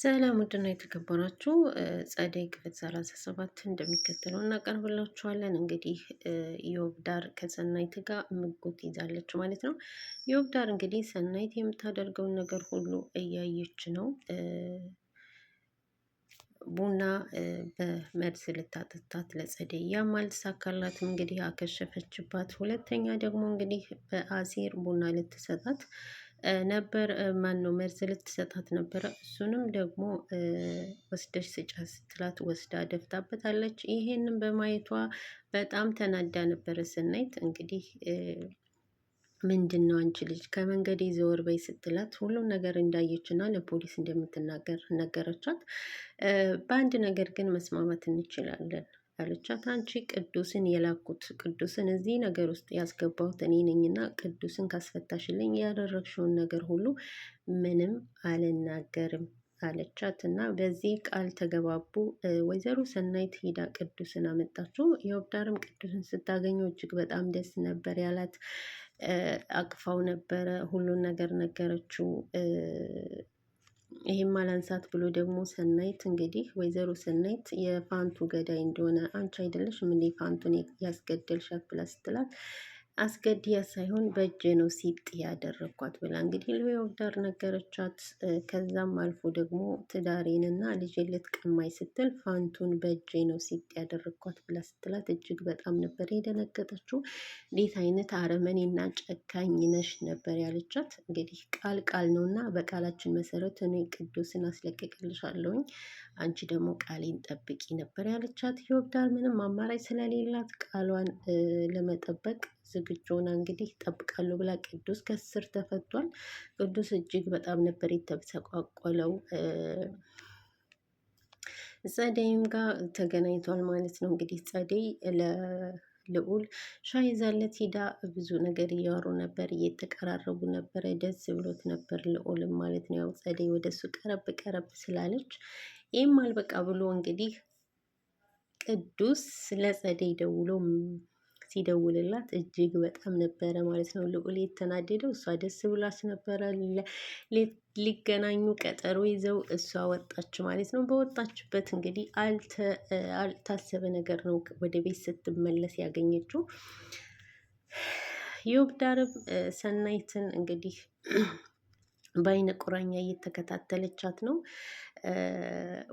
ሰላም ውድና የተከበራችሁ ጸደይ ክፍል ሰላሳ ሰባት እንደሚከተለው እናቀርብላችኋለን። እንግዲህ ዮብዳር ከሰናይት ጋር ምጎት ይዛለች ማለት ነው። ዮብዳር እንግዲህ ሰናይት የምታደርገውን ነገር ሁሉ እያየች ነው። ቡና በመርዝ ልታጠጣት ለጸደይ ያማልስ አካላትም እንግዲህ አከሸፈችባት። ሁለተኛ ደግሞ እንግዲህ በአሴር ቡና ልትሰጣት ነበር። ማን ነው መርዝ ልትሰጣት ነበረ። እሱንም ደግሞ ወስደሽ ስጫ ስትላት ወስዳ ደፍታበታለች። ይሄንን በማየቷ በጣም ተናዳ ነበረ ስናይት እንግዲህ ምንድን ነው አንቺ ልጅ ከመንገዴ ዘወር በይ ስትላት ሁሉም ነገር እንዳየች ለፖሊስ እንደምትናገር ነገረቻት። በአንድ ነገር ግን መስማማት እንችላለን። አለቻት። አንቺ ቅዱስን የላኩት ቅዱስን እዚህ ነገር ውስጥ ያስገባሁት እኔ ነኝና ቅዱስን ካስፈታሽልኝ ያደረግሽውን ነገር ሁሉ ምንም አልናገርም አለቻት እና በዚህ ቃል ተገባቡ። ወይዘሮ ሰናይት ሂዳ ቅዱስን አመጣችው። የወብዳርም ቅዱስን ስታገኘው እጅግ በጣም ደስ ነበር ያላት። አቅፋው ነበረ፣ ሁሉን ነገር ነገረችው። ይህም አላንሳት ብሎ ደግሞ ሰናይት እንግዲህ ወይዘሮ ሰናይት የፋንቱ ገዳይ እንደሆነ አንቺ አይደለሽ ምን ፋንቱን ያስገደልሻት ብላ ስትላት አስገድያት ሳይሆን በእጅ ነው ሲጥ ያደረግኳት ብላ እንግዲህ ዳር ነገረቻት። ከዛም አልፎ ደግሞ ትዳሬንና ልጄን ልትቀማኝ ስትል ፋንቱን በእጅ ነው ሲጥ ያደረግኳት ብላ ስትላት እጅግ በጣም ነበር የደነገጠችው። እንዴት አይነት አረመኔና ጨካኝ ነሽ ነበር ያለቻት። እንግዲህ ቃል ቃል ነውና በቃላችን መሰረት እኔ ቅዱስን አስለቅቅልሻለሁኝ አንቺ ደግሞ ቃሌን ጠብቂ ነበር ያለቻት። ዮዳር ምንም አማራጭ ስለሌላት ቃሏን ለመጠበቅ ዝግጁ ሆና እንግዲህ ይጠብቃሉ ብላ ቅዱስ ከስር ተፈቷል። ቅዱስ እጅግ በጣም ነበር የተተቋቆለው። ጸደይም ጋር ተገናኝቷል ማለት ነው። እንግዲህ ጸደይ ልዑል ሻይ ይዛለት ሂዳ ብዙ ነገር እያወሩ ነበር፣ እየተቀራረቡ ነበረ። ደስ ብሎት ነበር ልዑልም ማለት ነው። ያው ጸደይ ወደ ቀረብ ቀረብ ስላለች ይህም አልበቃ ብሎ እንግዲህ ቅዱስ ለጸደይ ደውሎ ሲደውልላት እጅግ በጣም ነበረ ማለት ነው ልዑል የተናደደው። እሷ ደስ ብሏት ነበረ። ሊገናኙ ቀጠሮ ይዘው እሷ ወጣች ማለት ነው። በወጣችበት እንግዲህ አልታሰበ ነገር ነው ወደ ቤት ስትመለስ ያገኘችው። ዮብዳርም ሰናይትን እንግዲህ በአይነ ቁራኛ እየተከታተለቻት ነው።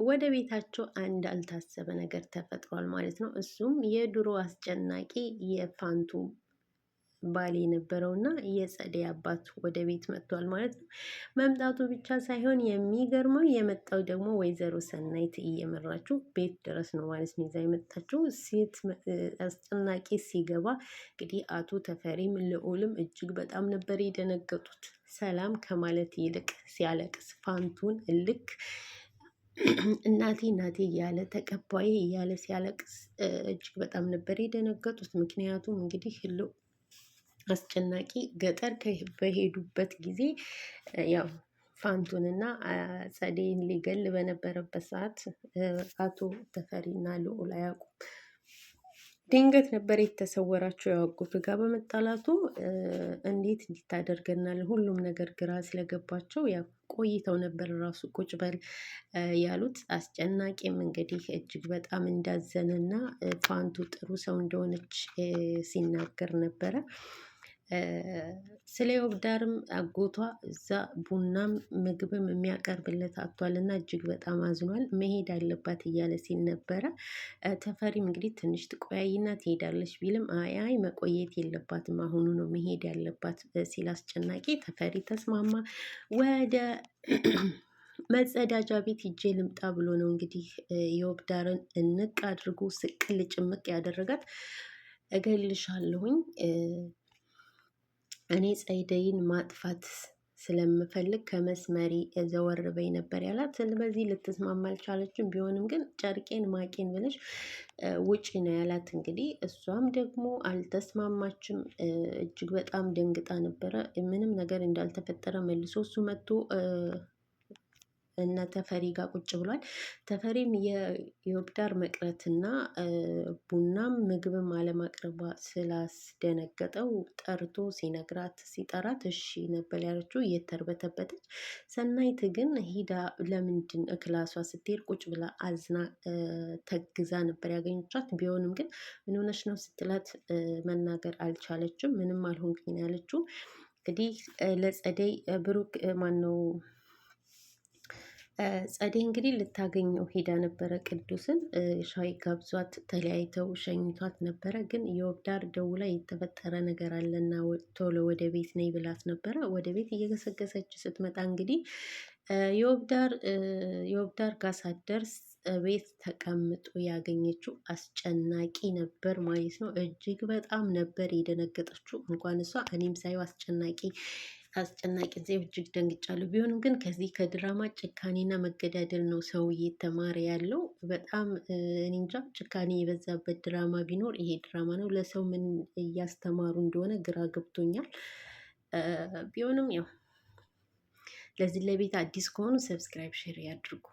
ወደ ቤታቸው አንድ አልታሰበ ነገር ተፈጥሯል ማለት ነው። እሱም የድሮ አስጨናቂ የፋንቱ ባል ና የጸደይ አባት ወደ ቤት መጥቷል ማለት ነው። መምጣቱ ብቻ ሳይሆን የሚገርመው የመጣው ደግሞ ወይዘሮ ሰናይት እየመራችው ቤት ድረስ ነው ማለት ነው። ይዛ የመጣችው ሴት አስጨናቂ ሲገባ እንግዲህ አቶ ተፈሪም ልዑልም እጅግ በጣም ነበር የደነገጡት። ሰላም ከማለት ይልቅ ሲያለቅስ ፋንቱን እልክ እናቴ እናቴ እያለ ተቀባይ እያለ ሲያለቅስ እጅግ በጣም ነበር የደነገጡት። ምክንያቱም እንግዲህ አስጨናቂ ገጠር በሄዱበት ጊዜ ያው ፋንቱንና ጸደይን ሊገል በነበረበት ሰዓት አቶ ተፈሪና ልዑል አያውቁም። ድንገት ነበር የተሰወራቸው። ያወቁት ጋር በመጣላቱ እንዴት እንዲታደርገናል ሁሉም ነገር ግራ ስለገባቸው ቆይተው ነበር ራሱ ቁጭ በል ያሉት። አስጨናቂም እንግዲህ እጅግ በጣም እንዳዘነና ፋንቱ ጥሩ ሰው እንደሆነች ሲናገር ነበረ። ስለ ዮግዳርም አጎቷ እዛ ቡናም ምግብም የሚያቀርብለት አቷል እና እጅግ በጣም አዝኗል። መሄድ አለባት እያለ ሲል ነበረ። ተፈሪም እንግዲህ ትንሽ ትቆያይና ትሄዳለች ቢልም አይ አይ መቆየት የለባትም አሁኑ ነው መሄድ ያለባት ሲል አስጨናቂ ተፈሪ ተስማማ። ወደ መጸዳጃ ቤት ሂጄ ልምጣ ብሎ ነው እንግዲህ ዮግዳርን እንቅ አድርጎ ስቅል ጭምቅ ያደረጋት። እገልሻለሁኝ እኔ ፀይደይን ማጥፋት ስለምፈልግ ከመስመሪ ዘወር በይ ነበር ያላት። በዚህ ልትስማማ አልቻለችም። ቢሆንም ግን ጨርቄን ማቄን ብለሽ ውጪ ነው ያላት። እንግዲህ እሷም ደግሞ አልተስማማችም። እጅግ በጣም ደንግጣ ነበረ። ምንም ነገር እንዳልተፈጠረ መልሶ እሱ መጥቶ እነ ተፈሪ ጋር ቁጭ ብሏል። ተፈሪም የዮብዳር መቅረትና ቡናም ምግብም አለማቅረቧ ስላስደነገጠው ጠርቶ ሲነግራት ሲጠራት እሺ ነበር ያለችው እየተርበተበተች። ሰናይት ግን ሂዳ ለምንድን እክላሷ ስትሄድ ቁጭ ብላ አዝና ተግዛ ነበር ያገኘቻት። ቢሆንም ግን ምን ነው ስትላት መናገር አልቻለችም። ምንም አልሆንኩኝ ያለችው እንግዲህ ለጸደይ ብሩክ ማን ነው ጸደይ እንግዲህ ልታገኘው ሄዳ ነበረ። ቅዱስን ሻይ ጋብዟት ተለያይተው ሸኝቷት ነበረ። ግን የወብዳር ደውላ የተፈጠረ ነገር አለና ቶሎ ወደ ቤት ነይ ብላት ነበረ። ወደ ቤት እየገሰገሰች ስትመጣ እንግዲህ የወብዳር ጋር ሳትደርስ ቤት ተቀምጦ ያገኘችው አስጨናቂ ነበር ማለት ነው። እጅግ በጣም ነበር የደነገጠችው። እንኳን እሷ እኔም ሳየው አስጨናቂ ከአስጨናቂ ጊዜ እጅግ ደንግጫለሁ። ቢሆንም ግን ከዚህ ከድራማ ጭካኔና መገዳደል ነው ሰው እየተማረ ያለው። በጣም እንጃ ጭካኔ የበዛበት ድራማ ቢኖር ይሄ ድራማ ነው። ለሰው ምን እያስተማሩ እንደሆነ ግራ ገብቶኛል። ቢሆንም ያው ለዚህ ለቤት አዲስ ከሆኑ ሰብስክራይብ ሼር ያድርጉ።